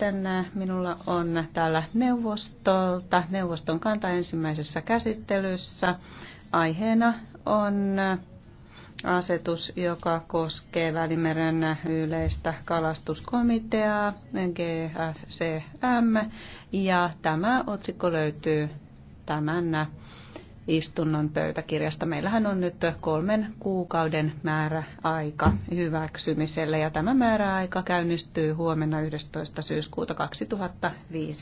Sitten minulla on täällä neuvostolta neuvoston kanta ensimmäisessä käsittelyssä. Aiheena on asetus, joka koskee Välimeren yleistä kalastuskomiteaa GFCM ja tämä otsikko löytyy tämän istunnon pöytäkirjasta. Meillähän on nyt kolmen kuukauden määräaika hyväksymiselle ja tämä määräaika käynnistyy huomenna 11. syyskuuta 2005.